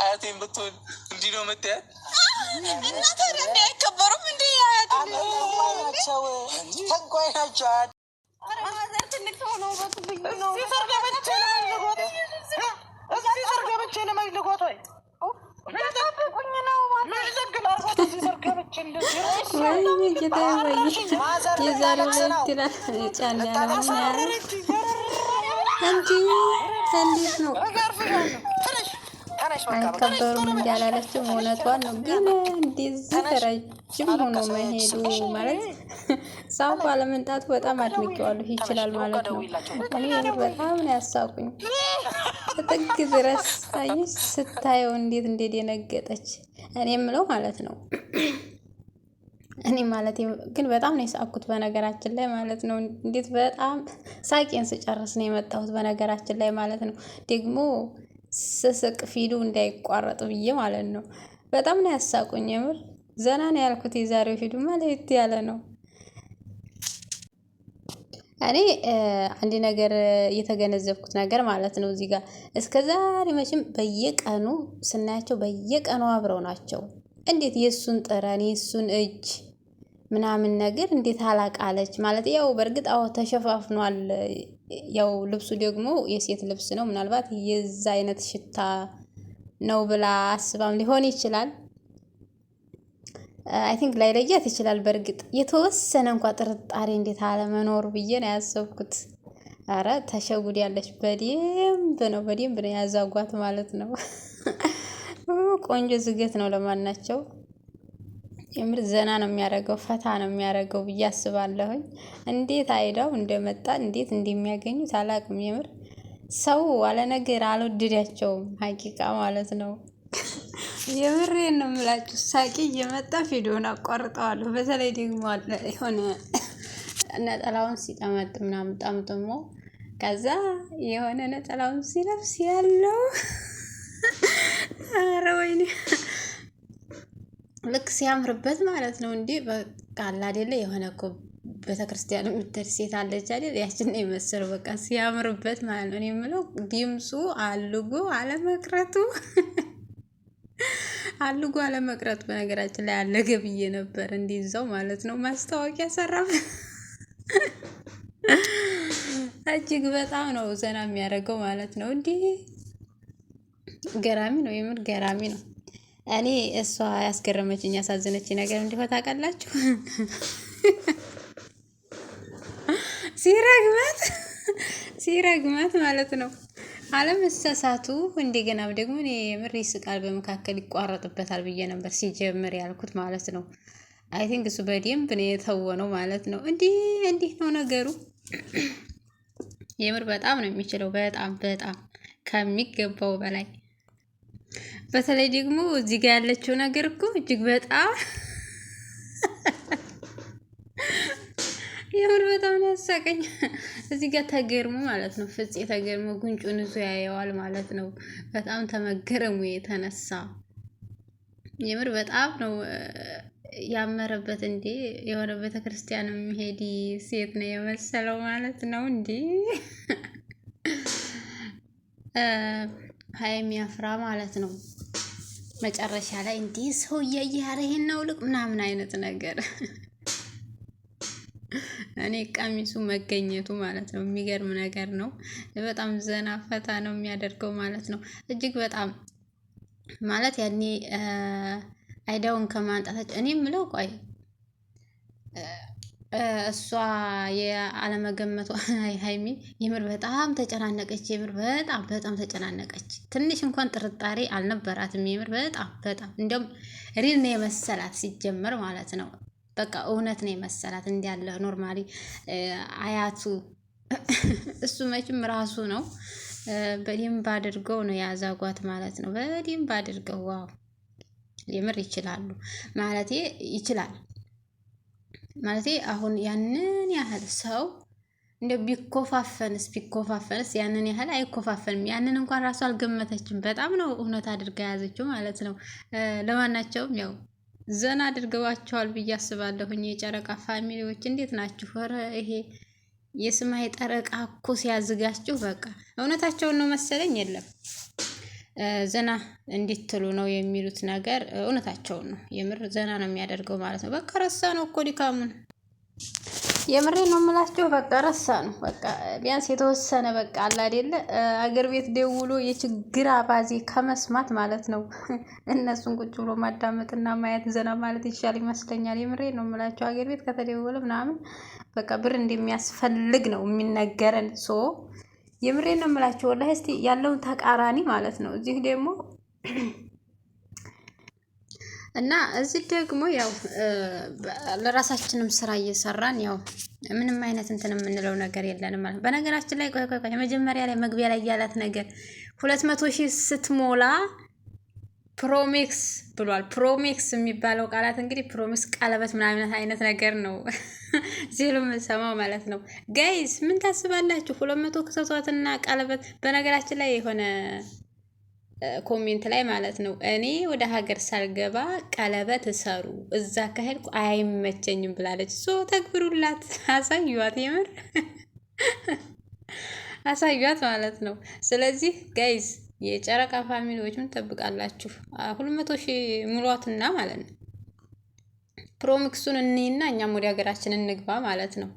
አያቴን ብትሆን እንዲህ ነው መታያት እና ታዲያ እንዲ አይከበሩም እንዲ ናቸው ተንኳይ ናቸው። እንዴት ነው አይከበሩም እንዳላለችም እውነቷን ነው። ግን እንደዚህ ረጅም ሆኖ መሄዱ ማለት ሰው ባለመንጣቱ በጣም አድንቄዋለሁ። ይችላል ማለት ነው። እኔ በጣም ነው ያሳቁኝ። ጥግ ድረስ ሳይሽ ስታየው እንዴት እንደደነገጠች እኔ የምለው ማለት ነው እኔ ማለት ግን በጣም ነው የሳቅኩት። በነገራችን ላይ ማለት ነው እንዴት በጣም ሳቄን ስጨርስ ነው የመጣሁት። በነገራችን ላይ ማለት ነው ደግሞ ስስቅ ፊዱ እንዳይቋረጥ ብዬ ማለት ነው። በጣም ነው ያሳቁኝ። የምር ዘና ነው ያልኩት። የዛሬው ፊዱ ማለት ያለ ነው። እኔ አንድ ነገር የተገነዘብኩት ነገር ማለት ነው እዚህ ጋር እስከ ዛሬ መቼም በየቀኑ ስናያቸው በየቀኑ አብረው ናቸው። እንዴት የእሱን ጥረን የእሱን እጅ ምናምን ነገር እንዴት አላቃለች ማለት ያው በእርግጥ አዎ ተሸፋፍኗል። ያው ልብሱ ደግሞ የሴት ልብስ ነው። ምናልባት የዛ አይነት ሽታ ነው ብላ አስባም ሊሆን ይችላል። አይ ቲንክ ላይ ለያት ይችላል። በእርግጥ የተወሰነ እንኳ ጥርጣሬ እንዴት መኖር ብዬ ነው ያሰብኩት። አረ ተሸጉድ ያለች በደንብ ነው በደንብ ነው ያዛጓት ማለት ነው። ቆንጆ ዝገት ነው ለማናቸው የምር ዘና ነው የሚያደርገው ፈታ ነው የሚያደርገው ብዬ አስባለሁኝ። እንዴት አይዳው እንደመጣ እንዴት እንደሚያገኙት አላውቅም። የምር ሰው አለ ነገር አልወደዳቸውም ሀቂቃ ማለት ነው። የምሬ ነው የምላችሁ። ሳቂ እየመጣ ቪዲዮን አቋርጠዋለሁ። በተለይ ደግሞ የሆነ ነጠላውን ሲጠመጥ ምናምን ጠምጥሞ ከዛ የሆነ ነጠላውን ሲለብስ ያለው አረ ወይኔ ልክ ሲያምርበት ማለት ነው። እንዲህ በቃል አይደለ የሆነ እኮ ቤተክርስቲያን የምትሄድ ሴት አለች አይደል? ያችን ነው የመሰለው። በቃ ሲያምርበት ማለት ነው። እኔ የምለው ድምፁ አልጎ አለመቅረቱ አልጎ አለመቅረቱ በነገራችን ላይ አለገ ብዬ ነበር። እንዲህ ማለት ነው ማስታወቂያ ሰራም እጅግ በጣም ነው ዘና የሚያደርገው ማለት ነው። እንዲህ ገራሚ ነው፣ የምር ገራሚ ነው። እኔ እሷ ያስገረመችኝ ያሳዘነች ነገር እንዲሆን ታውቃላችሁ፣ ሲረግመት ሲረግመት ማለት ነው አለመሳሳቱ። እንደገና ደግሞ እኔ የምር ይስቃል፣ በመካከል ይቋረጥበታል ብዬ ነበር ሲጀምር ያልኩት ማለት ነው። አይ ቲንክ እሱ በደንብ ነው የተወነው ማለት ነው። እንዲህ እንዲህ ነው ነገሩ። የምር በጣም ነው የሚችለው፣ በጣም በጣም ከሚገባው በላይ በተለይ ደግሞ እዚህ ጋር ያለችው ነገር እኮ እጅግ በጣም የምር በጣም ነው ያሳቀኝ። እዚህ ጋር ተገርሞ ማለት ነው ፍጽ ተገርሞ ጉንጩን እዙ ያየዋል ማለት ነው። በጣም ተመገረሙ የተነሳ የምር በጣም ነው ያመረበት። እንዴ የሆነ ቤተ ክርስቲያን የሚሄድ ሴት ነው የመሰለው ማለት ነው። እንዴ ሀይ የሚያፍራ ማለት ነው። መጨረሻ ላይ እንዲህ ሰው እያየ ያረ ይሄን ምናምን አይነት ነገር እኔ ቀሚሱ መገኘቱ ማለት ነው የሚገርም ነገር ነው። በጣም ዘና ፈታ ነው የሚያደርገው ማለት ነው። እጅግ በጣም ማለት ያኔ አይዳውን ከማንጣታቸው እኔ ምለው ቆይ እሷ የአለመገመቱ ሀይሚ የምር በጣም ተጨናነቀች። የምር በጣም በጣም ተጨናነቀች። ትንሽ እንኳን ጥርጣሬ አልነበራትም። የምር በጣም በጣም እንዲያውም ሪል ነው የመሰላት ሲጀመር ማለት ነው። በቃ እውነት ነው የመሰላት እንዲያለ ኖርማሊ አያቱ እሱ መቼም ራሱ ነው በደንብ አድርገው ነው የአዛጓት ማለት ነው። በደንብ አድርገው ዋው የምር ይችላሉ ማለት ይችላል ማለት አሁን ያንን ያህል ሰው እንደ ቢኮፋፈንስ ቢኮፋፈንስ ያንን ያህል አይኮፋፈንም። ያንን እንኳን ራሱ አልገመተችም። በጣም ነው እውነት አድርጋ የያዘችው ማለት ነው። ለማናቸውም ያው ዘና አድርገዋቸዋል ብዬ አስባለሁኝ። የጨረቃ ፋሚሊዎች እንዴት ናችሁ? ረ ይሄ የስማይ ጠረቃ እኮ ሲያዝጋችሁ በቃ እውነታቸውን ነው መሰለኝ የለም ዘና እንድትሉ ነው የሚሉት ነገር እውነታቸውን ነው። የምር ዘና ነው የሚያደርገው ማለት ነው። በቃ ረሳ ነው እኮ ድካሙን። የምሬ ነው የምላቸው። በቃ ረሳ ነው በቃ ቢያንስ የተወሰነ በቃ አለ አይደለ አገር ቤት ደውሎ የችግር አባዜ ከመስማት ማለት ነው እነሱን ቁጭ ብሎ ማዳመጥና ማየት ዘና ማለት ይሻል ይመስለኛል። የምሬ ነው የምላቸው። አገር ቤት ከተደወለ ምናምን በቃ ብር እንደሚያስፈልግ ነው የሚነገረን ሶ የምሬ ነው የምላቸው። ወላሂ እስቲ ያለውን ተቃራኒ ማለት ነው። እዚህ ደግሞ እና እዚህ ደግሞ ያው ለራሳችንም ስራ እየሰራን ያው ምንም አይነት እንትን የምንለው ነገር የለንም ማለት በነገራችን ላይ ቆይ ቆይ ቆይ መጀመሪያ ላይ መግቢያ ላይ ያላት ነገር ሁለት መቶ ሺህ ስትሞላ ፕሮሚክስ ብሏል። ፕሮሚክስ የሚባለው ቃላት እንግዲህ ፕሮሜክስ ቀለበት ምናምነት አይነት ነገር ነው ሲሉ የምንሰማው ማለት ነው። ጋይስ ምን ታስባላችሁ? ሁለት መቶ ክተቷትና ቀለበት። በነገራችን ላይ የሆነ ኮሜንት ላይ ማለት ነው እኔ ወደ ሀገር ሳልገባ ቀለበት እሰሩ እዛ ከሄድኩ አይመቸኝም ብላለች። ሶ ተግብሩላት፣ አሳዩዋት፣ የምር አሳዩዋት ማለት ነው። ስለዚህ ጋይዝ የጨረቃ ፋሚሊዎች ምን ትጠብቃላችሁ? ሁለት መቶ ሺህ ሙሏትና ማለት ነው። ፕሮሚክሱን እኔና እኛም ወደ ሀገራችን እንግባ ማለት ነው።